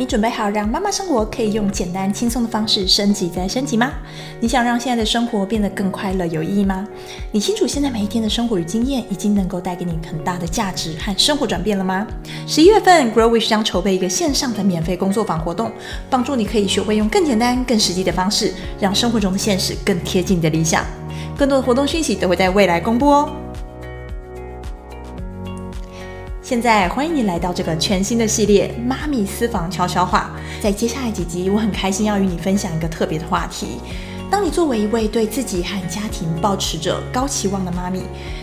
你準備好讓媽媽生活可以用簡單輕鬆的方式升級再升級嗎？你想讓現在的生活變得更快樂、有意義嗎？你清楚現在每一天的生活與經驗已經能夠帶給你很大的價值和生活轉變了嗎？十一月份，Grow Wish 將籌備一個線上的免費工作坊活動，幫助你可以學會用更簡單、更實際的方式，讓生活中的現實更貼近你的理想。更多的活動訊息都會在未來公布哦。現在歡迎你來到這個全新的系列《媽咪私房悄悄話》。在接下來幾集，我很開心要與你分享一個特別的話題。當你作為一位對自己和家庭抱持着高期望的媽咪，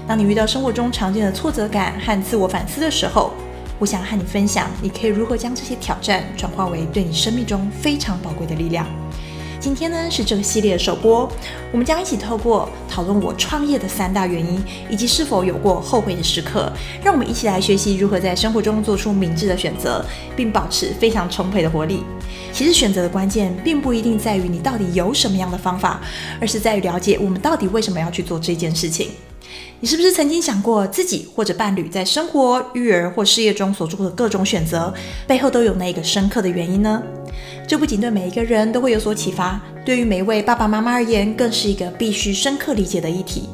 當你遇到生活中常見的挫折感和自我反思的時候，我想和你分享，你可以如何將這些挑戰轉化為對你生命中非常寶貴的力量。今天呢是這個系列的首播，我們將一起透過討論我創業的三大原因，以及是否有過後悔的時刻，讓我們一起來學習如何在生活中做出明智的選擇，並保持非常充沛的活力。其實選擇的關鍵並不一定在於你到底有什麼樣的方法，而是在於了解我們到底為什麼要去做這件事情。你是不是曾經想過自己或者伴侶在生活、育兒或事業中所做的各種選擇，背後都有那一個深刻的原因呢？這不僅對每一個人都會有所啟發，對於每一位爸爸媽媽而言，更是一個必須深刻理解的議題。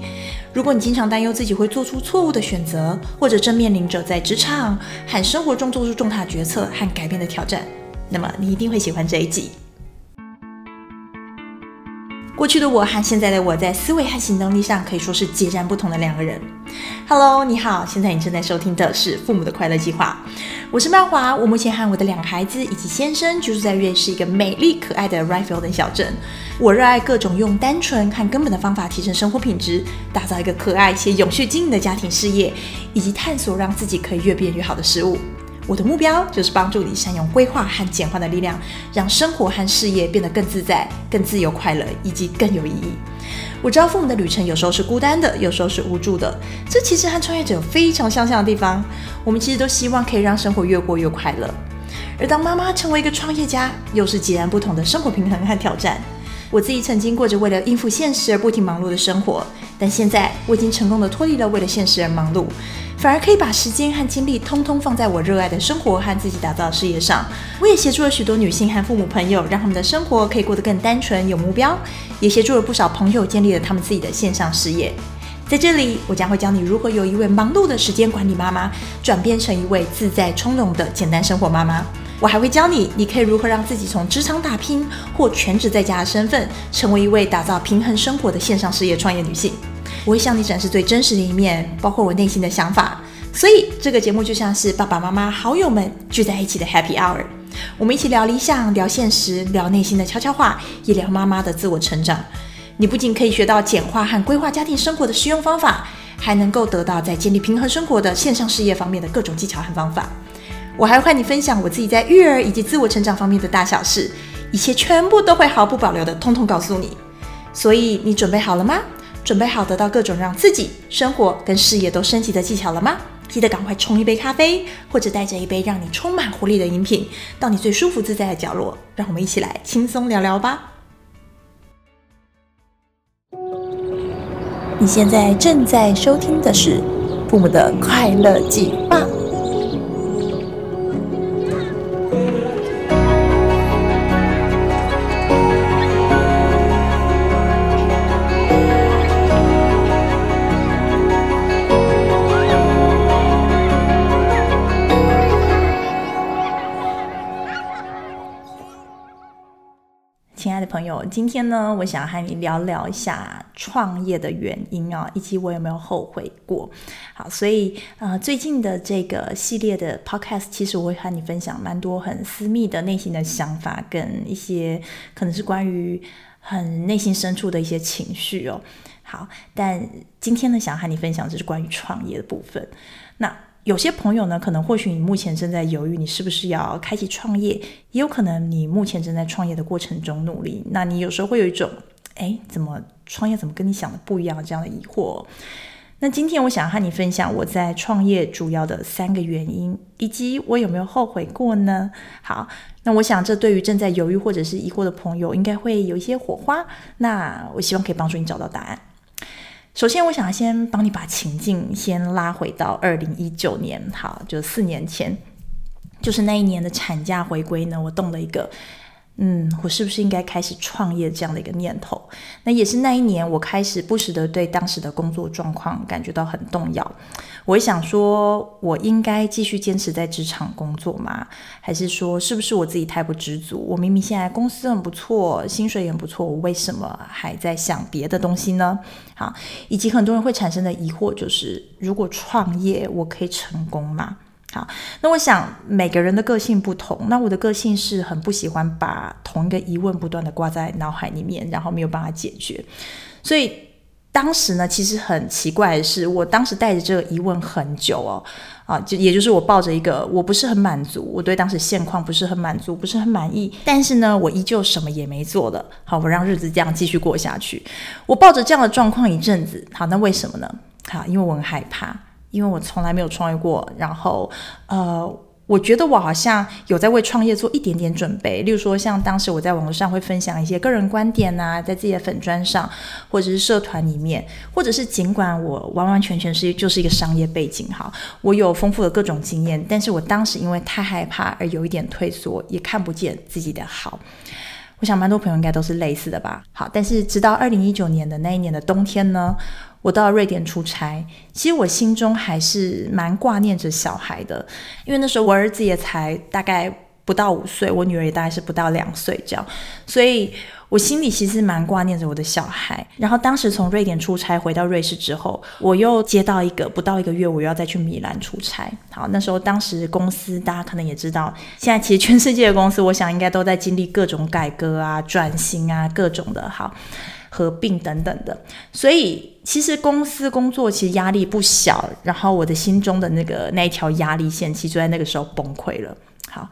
如果你經常擔憂自己會做出錯誤的選擇，或者正面臨着在職場和生活中做出重大決策和改變的挑戰，那麼你一定會喜歡這一集。過去的我和現在的我在思維和行動力上可以說是截然不同的兩個人。Hello，你好，現在你正在收聽的是《父母的快樂計劃》，我是曼華。我目前和我的兩個孩子以及先生居住在瑞士一個美麗可愛的 Riffelden 小鎮。我熱愛各種用單純和根本的方法提升生活品質，打造一個可愛且永續經營的家庭事業，以及探索讓自己可以越變越好的事物。我的目標就是幫助你善用規劃和簡化的力量，讓生活和事業變得更自在、更自由、快樂以及更有意義。我知道父母的旅程有時候是孤單的，有時候是無助的，這其實和創業者非常相像的地方。我們其實都希望可以讓生活越過越快樂。而當媽媽成為一個創業家，又是截然不同的生活平衡和挑戰。我自己曾經過着為了應付現實而不停忙碌的生活，但現在我已經成功的脫離了為了現實而忙碌。反而可以把時間和精力通通放在我熱愛的生活和自己打造的事業上。我也協助了許多女性和父母朋友，讓他們的生活可以過得更單純、有目標，也協助了不少朋友建立了他們自己的線上事業。在這裡，我將會教你如何由一位忙碌的時間管理媽媽，轉變成一位自在從容的簡單生活媽媽。我還會教你，你可以如何讓自己從職場打拼或全職在家的身份，成為一位打造平衡生活的線上事業創業女性。我會向你展示最真實的一面，包括我內心的想法。所以這個節目就像是爸爸媽媽好友們聚在一起的 Happy Hour，我們一起聊理想、聊現實、聊內心的悄悄話，也聊媽媽的自我成長。你不僅可以學到簡化和規劃家庭生活的實用方法，還能夠得到在建立平衡生活的線上事業方面的各種技巧和方法。我還會和你分享我自己在育兒以及自我成長方面的大小事，一切全部都會毫不保留的通通告訴你。所以你準備好了嗎？準備好得到各種讓自己生活跟事業都升級的技巧了嗎？記得趕快沖一杯咖啡，或者帶着一杯讓你充滿活力的飲品，到你最舒服自在的角落，讓我們一起來輕鬆聊聊吧。你現在正在收聽的是《父母的快樂記》。親愛的朋友，今天呢，我想和你聊聊一下創業的原因啊、哦，以及我有沒有後悔過。好，所以啊、呃，最近的這個系列的 podcast，其實我會和你分享蠻多很私密的內心的想法，跟一些可能是關於很內心深處的一些情緒哦。好，但今天呢，想和你分享就是關於創業的部分。那有些朋友呢，可能或許你目前正在猶豫，你是不是要開啟創業，也有可能你目前正在創業的過程中努力。那你有時候會有一種，哎，怎麼創業怎麼跟你想的不一樣這樣的疑惑？那今天我想和你分享我在創業主要的三個原因，以及我有沒有後悔過呢？好，那我想這對於正在猶豫或者是疑惑的朋友，應該會有一些火花。那我希望可以幫助你找到答案。首先，我想先幫你把情境先拉回到二零一九年，好，就四年前，就是那一年的產假回歸呢，我動了一個，嗯，我是不是應該開始創業這樣的一個念頭？那也是那一年，我開始不時地對當時的工作狀況感覺到很動搖。我想說，我應該繼續堅持在職場工作嗎？還是說，是不是我自己太不知足？我明明現在公司很不錯，薪水也不錯，我為什麼還在想別的東西呢？好，以及很多人會產生的疑惑就是，如果創業，我可以成功嗎？好，那我想每個人的個性不同，那我的個性是很不喜歡把同一個疑問不斷地掛在腦海裡面，然後沒有辦法解決，所以。當時呢，其實很奇怪的是，我當時帶着這個疑問很久哦，啊，就也就是我抱着一個，我不是很滿足，我對當時現況不是很滿足，不是很滿意，但是呢，我依舊什麼也沒做的，好，我讓日子這樣繼續過下去，我抱着這樣的狀況一陣子，好，那為什麼呢？好，因為我很害怕，因為我從來沒有創業過，然後，呃。我覺得我好像有在為創業做一點點準備，例如說像當時我在網絡上會分享一些個人觀點吶、啊，在自己的粉專上，或者是社團裡面，或者是儘管我完完全全是就是一個商業背景哈，我有豐富的各種經驗，但是我當時因為太害怕而有一點退縮，也看不見自己的好。我想蠻多朋友應該都是類似的吧。好，但是直到二零一九年的那一年的冬天呢，我到瑞典出差，其實我心中還是蠻掛念着小孩的，因為那時候我兒子也才大概不到五歲，我女兒也大概是不到兩歲這樣，所以我心裡其實蠻掛念着我的小孩。然後當時從瑞典出差回到瑞士之後，我又接到一個不到一個月，我又要再去米蘭出差。好，那時候當時公司大家可能也知道，現在其實全世界的公司，我想應該都在經歷各種改革啊、轉型啊，各種的，好。合併等等的，所以其實公司工作其實壓力不小，然後我的心中的那個那一條壓力線，其實就在那個時候崩潰了。好。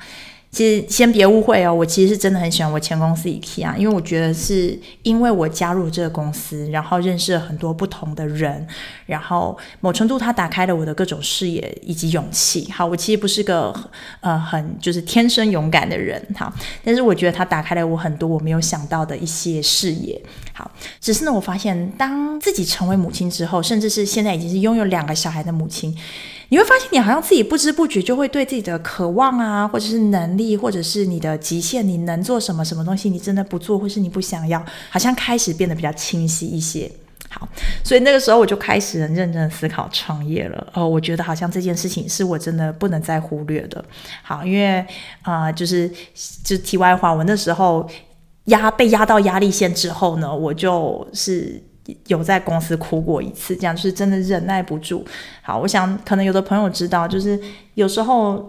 其實先別誤會哦，我其實是真的很喜歡我前公司 ET 啊，因為我覺得是因為我加入這個公司，然後認識了很多不同的人，然後某程度它打開了我的各種視野以及勇氣。好，我其實不是個呃很就是天生勇敢的人，好，但是我覺得它打開了我很多我沒有想到的一些視野。好，只是呢，我發現當自己成為母親之後，甚至是現在已經是擁有兩個小孩的母親。你會發現，你好像自己不知不覺就會對自己的渴望啊，或者是能力，或者是你的極限，你能做什麼什麼東西，你真的不做，或是你不想要，好像開始變得比較清晰一些。好，所以那個時候我就開始認真思考創業了。哦、呃，我覺得好像這件事情是我真的不能再忽略的。好，因為啊、呃，就是就題外話，我那時候壓被壓到壓力線之後呢，我就是。有在公司哭過一次，這樣就是真的忍耐不住。好，我想可能有的朋友知道，就是有時候。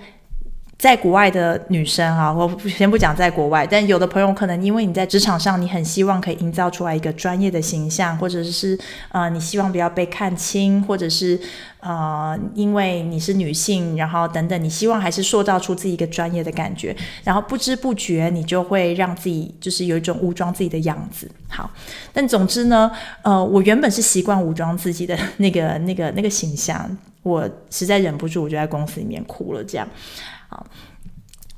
在國外的女生啊，我先不講在國外，但有的朋友可能因為你在職場上，你很希望可以營造出來一個專業的形象，或者是呃，你希望不要被看輕，或者是呃，因為你是女性，然後等等，你希望還是塑造出自己一個專業的感覺，然後不知不覺你就會讓自己就是有一種武裝自己的樣子。好，但總之呢，呃，我原本是習慣武裝自己的那個那個那個形象，我實在忍不住，我就在公司裡面哭了，這樣。好，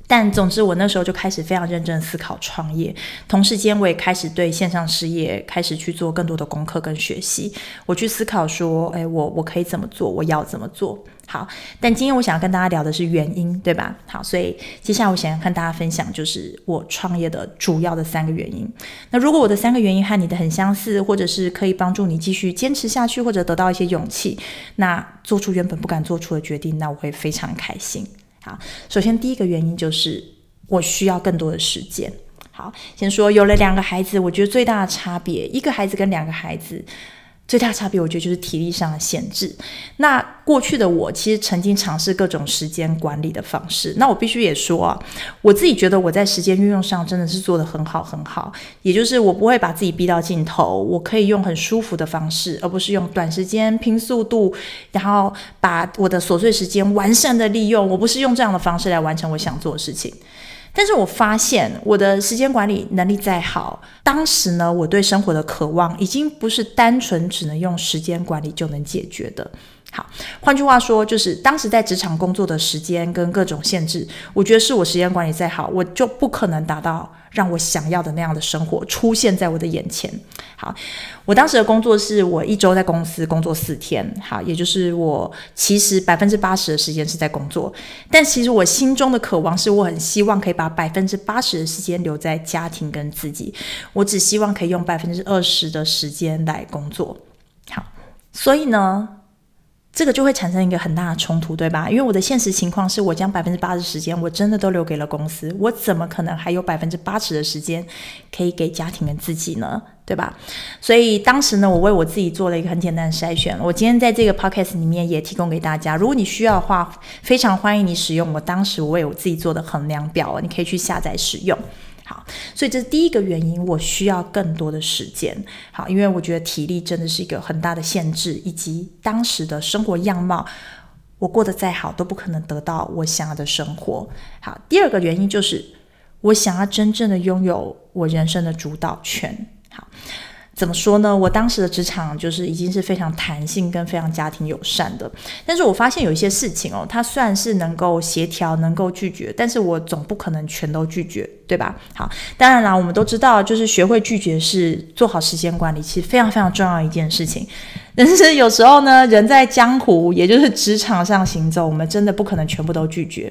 但總之我那時候就開始非常認真思考創業，同時間我也開始對線上事業開始去做更多的功課跟學習。我去思考說，誒，我我可以怎麼做？我要怎麼做。好，但今天我想要跟大家聊的是原因，對吧？好，所以接下來我想要跟大家分享，就是我創業的主要的三個原因。那如果我的三個原因和你的很相似，或者是可以幫助你繼續堅持下去，或者得到一些勇氣，那做出原本不敢做出的決定，那我會非常開心。好，首先第一個原因就是我需要更多的時間。好，先說有了兩個孩子，我覺得最大的差別，一個孩子跟兩個孩子。最大差別，我覺得就是體力上的限制。那過去的我，其實曾經嘗試各種時間管理的方式。那我必須也說啊，我自己覺得我在時間運用上真的是做得很好，很好。也就是我不會把自己逼到盡頭，我可以用很舒服的方式，而不是用短時間拼速度，然後把我的瑣碎時間完善的利用。我不是用這樣的方式來完成我想做的事情。但是我發現，我的時間管理能力再好，當時呢，我對生活的渴望已經不是單純只能用時間管理就能解決的。好，換句話說，就是當時在職場工作的時間跟各種限制，我覺得是我時間管理再好，我就不可能達到。讓我想要的那樣的生活出現在我的眼前。好，我當時的工作是我一周在公司工作四天，好，也就是我其實百分之八十的時間是在工作，但其實我心中的渴望是我很希望可以把百分之八十的時間留在家庭跟自己，我只希望可以用百分之二十的時間來工作。好，所以呢，這個就會產生一個很大的衝突，對吧？因為我的現實情況是我將百分之八十的時間我真的都留給了公司，我怎麼可能還有百分之八十的時間可以給家庭跟自己呢，對吧？所以當時呢，我為我自己做了一個很簡單的篩選，我今天在這個 podcast 裡面也提供給大家，如果你需要的話，非常歡迎你使用我當時我為我自己做的衡量表，你可以去下載使用。所以這是第一個原因，我需要更多的時間。好，因為我覺得體力真的是一個很大的限制，以及當時的生活樣貌，我過得再好都不可能得到我想要的生活。好，第二個原因就是我想要真正的擁有我人生的主導權。好。怎麼說呢？我當時的職場就是已經是非常彈性跟非常家庭友善的，但是我發現有一些事情哦，它算是能夠協調、能夠拒絕，但是我總不可能全都拒絕，對吧？好，當然啦，我們都知道，就是學會拒絕是做好時間管理，其實非常非常重要一件事情。但是有時候呢，人在江湖，也就是職場上行走，我們真的不可能全部都拒絕。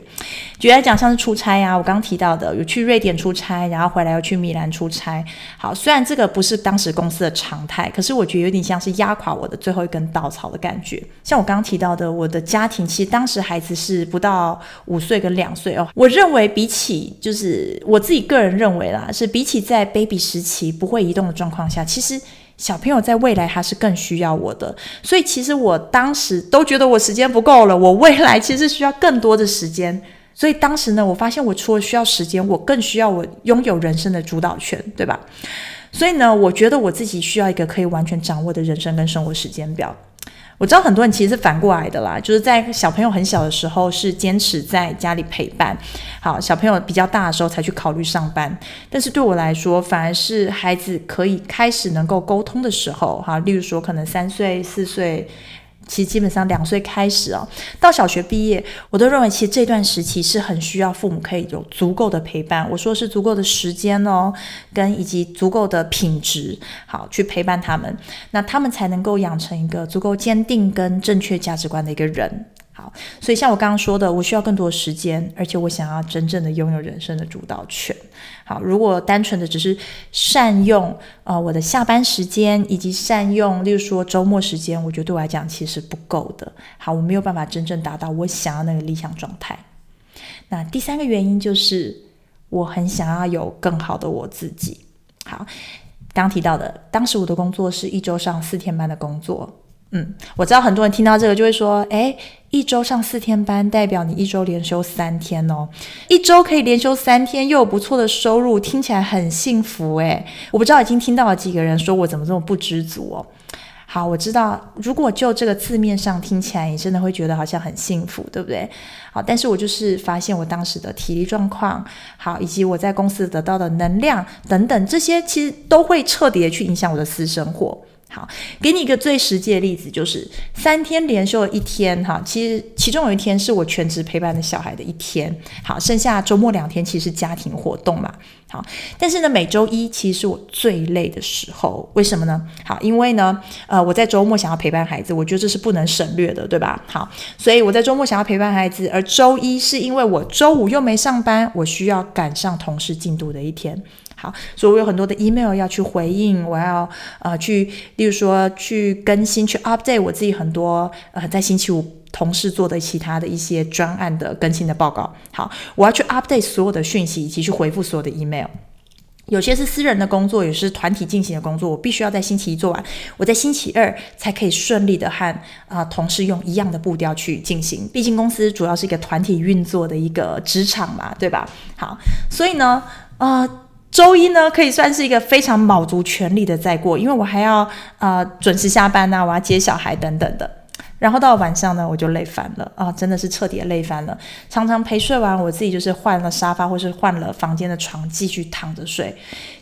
舉例來講，像是出差啊，我剛剛提到的，有去瑞典出差，然後回來又去米蘭出差。好，雖然這個不是當時公司的常態，可是我覺得有點像是壓垮我的最後一根稻草的感覺。像我剛剛提到的，我的家庭，其實當時孩子是不到五歲跟兩歲哦。我認為，比起就是我自己個人認為啦，是比起在 baby 時期不會移動的狀況下，其實。小朋友在未來他是更需要我的，所以其實我當時都覺得我時間不夠了，我未來其實需要更多的時間，所以當時呢，我發現我除了需要時間，我更需要我擁有人生的主導權，對吧？所以呢，我覺得我自己需要一個可以完全掌握的人生跟生活時間表。我知道很多人其實是反過來的啦，就是在小朋友很小的時候是堅持在家裡陪伴，好，小朋友比較大的時候才去考慮上班。但是對我來說，反而是孩子可以開始能夠溝通的時候，哈，例如說可能三歲、四歲。其實基本上兩歲開始哦，到小學畢業，我都認為其實這段時期是很需要父母可以有足夠的陪伴。我說是足夠的時間哦，跟以及足夠的品質，好去陪伴他們，那他們才能夠養成一個足夠堅定跟正確價值觀的一個人。好，所以像我剛剛說的，我需要更多的時間，而且我想要真正的擁有人生的主導權。好，如果單純的只是善用啊、呃、我的下班時間，以及善用，例如說周末時間，我覺得對我來講其實不夠的。好，我沒有辦法真正達到我想要那個理想狀態。那第三個原因就是，我很想要有更好的我自己。好，剛提到的，當時我的工作是一周上四天班的工作。嗯，我知道很多人聽到這個就會說，誒，一周上四天班，代表你一周連休三天哦。一周可以連休三天，又有不錯的收入，聽起來很幸福誒，我不知道已經聽到了幾個人說我怎麼這麼不知足哦。好，我知道，如果就這個字面上聽起來，你真的會覺得好像很幸福，對不對？好，但是我就是發現我當時的體力狀況，好，以及我在公司得到的能量等等，這些其實都會徹底的去影響我的私生活。好，給你一個最實際的例子，就是三天連休的一天，哈，其實其中有一天是我全職陪伴的小孩的一天。好，剩下周末兩天其實是家庭活動嘛。好，但是呢，每周一其實是我最累的時候，為什麼呢？好，因為呢，呃，我在周末想要陪伴孩子，我覺得這是不能省略的，對吧？好，所以我在周末想要陪伴孩子，而周一是因為我周五又沒上班，我需要趕上同事進度的一天。好，所以我有很多的 email 要去回應，我要呃去，例如說去更新、去 update 我自己很多呃在星期五同事做的其他的一些專案的更新的報告。好，我要去 update 所有的訊息以及去回復所有的 email。有些是私人的工作，有些是團體進行的工作，我必須要在星期一做完，我在星期二才可以順利的和啊、呃、同事用一樣的步調去進行。畢竟公司主要是一個團體運作的一個職場嘛，對吧？好，所以呢，呃。週一呢，可以算是一個非常卯足全力的在過，因為我還要呃準時下班吶、啊，我要接小孩等等的。然後到了晚上呢，我就累翻了啊，真的是徹底累翻了。常常陪睡完，我自己就是換了沙發，或是換了房間的床，繼續躺着睡。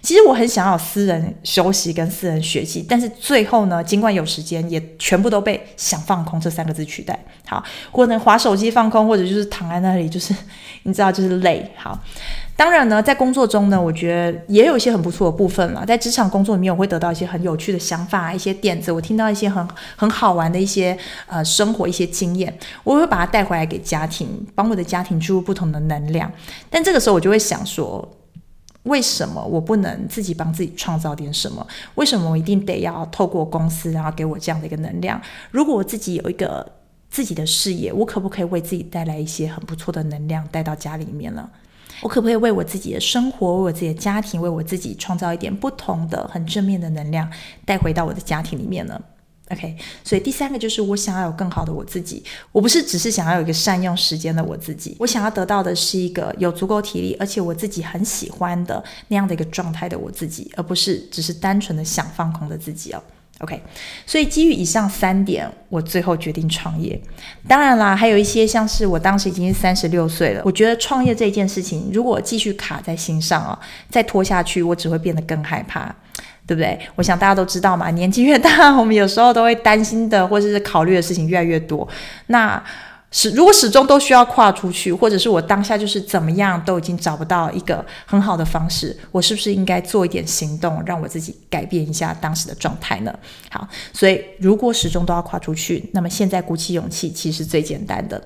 其實我很想要私人休息跟私人學習，但是最後呢，儘管有時間，也全部都被“想放空”這三個字取代。好，或者滑手機放空，或者就是躺在那裡，就是你知道，就是累。好。當然呢，在工作中呢，我覺得也有一些很不錯的部分了。在職場工作裡面，我會得到一些很有趣的想法，一些點子。我聽到一些很很好玩的一些呃生活一些經驗，我會把它帶回來給家庭，幫我的家庭注入不同的能量。但這個時候，我就會想說，為什麼我不能自己幫自己創造點什麼？為什麼我一定得要透過公司，然後給我這樣的一個能量？如果我自己有一個自己的事業，我可不可以為自己帶來一些很不錯的能量帶到家裡面呢？我可不可以為我自己的生活，為我自己的家庭，為我自己創造一點不同的、很正面的能量，帶回到我的家庭裡面呢？OK，所以第三個就是我想要有更好的我自己，我不是只是想要有一個善用時間的我自己，我想要得到的是一個有足夠體力，而且我自己很喜歡的那樣的一個狀態的我自己，而不是只是單純的想放空的自己哦。OK，所以基於以上三點，我最後決定創業。當然啦，還有一些像是我當時已經是三十六歲了，我覺得創業這件事情，如果我繼續卡在心上哦，再拖下去，我只會變得更害怕，對不對？我想大家都知道嘛，年紀越大，我們有時候都會擔心的或者是考慮的事情越來越多。那始如果始終都需要跨出去，或者是我當下就是怎麼樣都已經找不到一個很好的方式，我是不是應該做一點行動，讓我自己改變一下當時的狀態呢？好，所以如果始終都要跨出去，那麼現在鼓起勇氣其實最簡單的。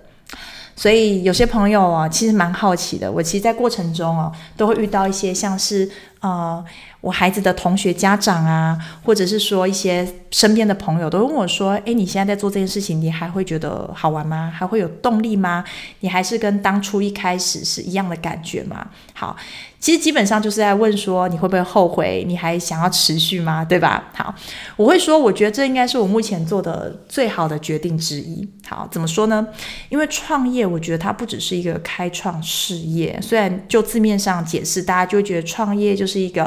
所以有些朋友啊，其實蠻好奇的，我其實，在過程中啊，都會遇到一些像是。呃，我孩子的同學家長啊，或者是說一些身邊的朋友，都問我說：“哎，你現在在做這件事情，你還會覺得好玩嗎？還會有動力嗎？你還是跟當初一開始是一樣的感覺嗎？”好，其實基本上就是在問說，你會不會後悔？你還想要持續嗎？對吧？好，我會說，我覺得這應該是我目前做的最好的決定之一。好，怎麼說呢？因為創業，我覺得它不只是一個開創事業，雖然就字面上解釋，大家就會覺得創業就是。是一個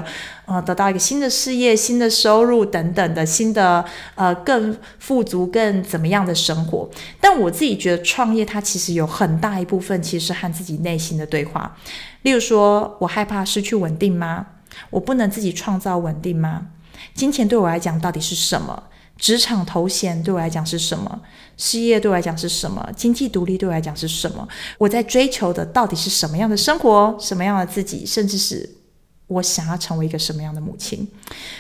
呃、嗯，得到一個新的事業、新的收入等等的新的呃，更富足、更怎麼樣的生活。但我自己覺得創業，它其實有很大一部分其實是和自己內心的對話。例如說，我害怕失去穩定嗎？我不能自己創造穩定嗎？金錢對我來講到底是什麼？職場頭銜對我來講是什麼？事業對我來講是什麼？經濟獨立對我來講是什麼？我在追求的到底是什麼樣的生活？什麼樣的自己？甚至是，我想要成為一個什麼樣的母親，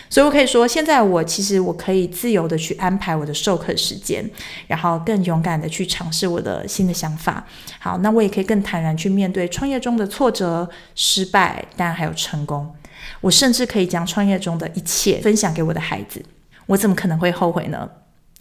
所以我可以說，現在我其實我可以自由的去安排我的授課時間，然後更勇敢的去嘗試我的新的想法。好，那我也可以更坦然去面對創業中的挫折、失敗，當然還有成功。我甚至可以將創業中的一切分享給我的孩子，我怎麼可能會後悔呢？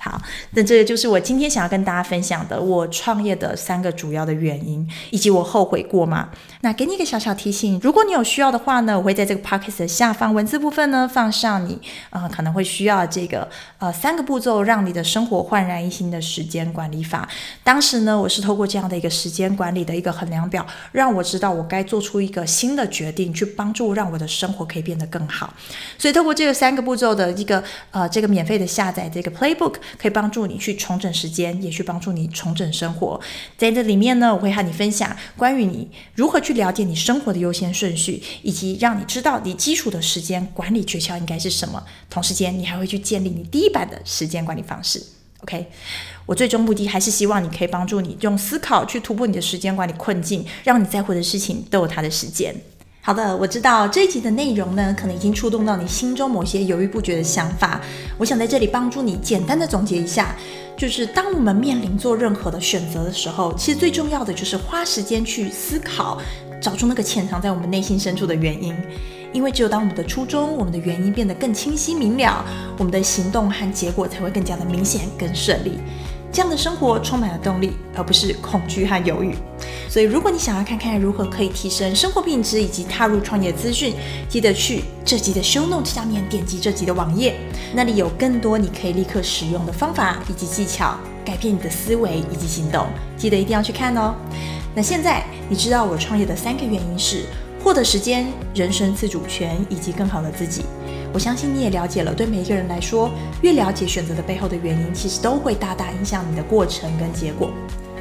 好，那這個就是我今天想要跟大家分享的，我創業的三個主要的原因，以及我後悔過嗎？那給你一個小小提醒，如果你有需要的話呢，我會在這個 podcast 的下方文字部分呢放上你，呃，可能會需要這個，呃，三個步驟，讓你的生活煥然一新的時間管理法。當時呢，我是透過這樣的一個時間管理的一個衡量表，讓我知道我該做出一個新的決定，去幫助讓我的生活可以變得更好。所以透過這個三個步驟的一個，呃，這個免費的下載這個 playbook。可以幫助你去重整時間，也去幫助你重整生活。在這裡面呢，我會和你分享關於你如何去了解你生活的優先順序，以及讓你知道你基礎的時間管理訣竅應該是什麼。同時間，你還會去建立你第一版的時間管理方式。OK，我最終目的還是希望你可以幫助你用思考去突破你的時間管理困境，讓你在乎的事情都有它的時間。好的，我知道這一集的內容呢，可能已經觸動到你心中某些猶豫不決的想法。我想在這裡幫助你，簡單的總結一下，就是當我們面臨做任何的選擇的時候，其實最重要的就是花時間去思考，找出那個潛藏在我們內心深處的原因。因為只有當我們的初衷、我們的原因變得更清晰明了，我們的行動和結果才會更加的明顯、更順利。這樣的生活充滿了動力，而不是恐懼和猶豫。所以，如果你想要看看如何可以提升生活品質以及踏入創業資訊，記得去這集的 show notes 下面點擊這集的網頁，那裡有更多你可以立刻使用的方法以及技巧，改變你的思維以及行動。記得一定要去看哦。那現在你知道我創業的三個原因是獲得時間、人生自主權以及更好的自己。我相信你也了解了，對每一個人來說，越了解選擇的背後的原因，其實都會大大影響你的過程跟結果。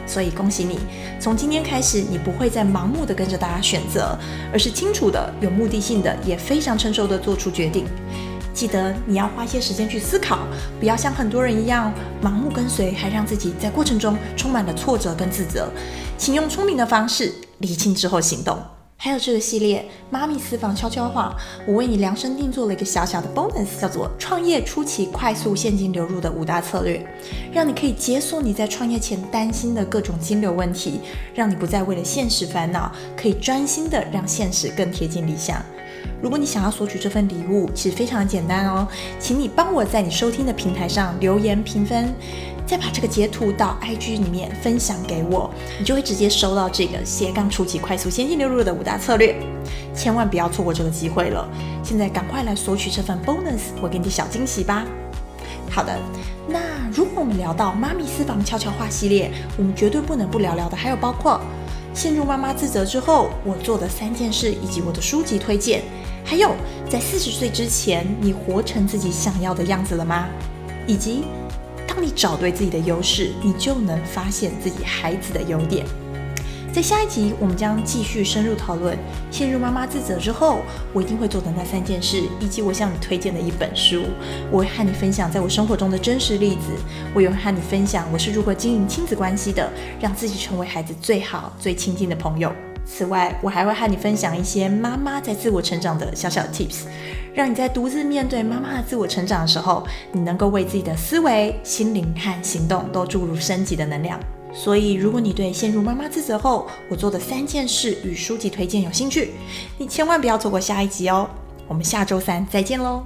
所以恭喜你，從今天開始，你不會再盲目的跟着大家選擇，而是清楚的、有目的性的，也非常成熟的做出決定。記得你要花些時間去思考，不要像很多人一樣盲目跟隨，還讓自己在過程中充滿了挫折跟自責。請用聰明的方式理清之後行動。還有這個系列《媽咪私房悄悄話》，我為你量身定做了一個小小的 bonus，叫做“創業初期快速現金流入的五大策略”，讓你可以解鎖你在創業前擔心的各種金流問題，讓你不再為了現實煩惱，可以專心的讓現實更貼近理想。如果你想要索取這份禮物，其實非常的簡單哦，請你幫我，在你收聽的平台上留言評分，再把這個截圖到 IG 裡面分享給我，你就會直接收到這個斜槓初期快速現金流入的五大策略，千萬不要錯過這個機會了。現在趕快來索取這份 bonus，我給你小驚喜吧。好的，那如果我們聊到媽咪私房悄悄話系列，我們絕對不能不聊聊的，還有包括。陷入媽媽自責之後，我做的三件事，以及我的書籍推薦。還有，在四十歲之前，你活成自己想要的樣子了嗎？以及，當你找對自己的優勢，你就能發現自己孩子的優點。在下一集，我們將繼續深入討論陷入媽媽自責之後，我一定會做的那三件事，以及我向你推薦的一本書。我會和你分享在我生活中的真實例子，我也會和你分享我是如何經營親子關係的，讓自己成為孩子最好、最親近的朋友。此外，我還會和你分享一些媽媽在自我成長的小小 tips，讓你在獨自面對媽媽的自我成長的時候，你能夠為自己的思維、心靈和行動都注入升級的能量。所以，如果你對陷入媽媽自責後，我做的三件事與書籍推薦有興趣，你千萬不要錯過下一集哦！我們下周三再見嘍。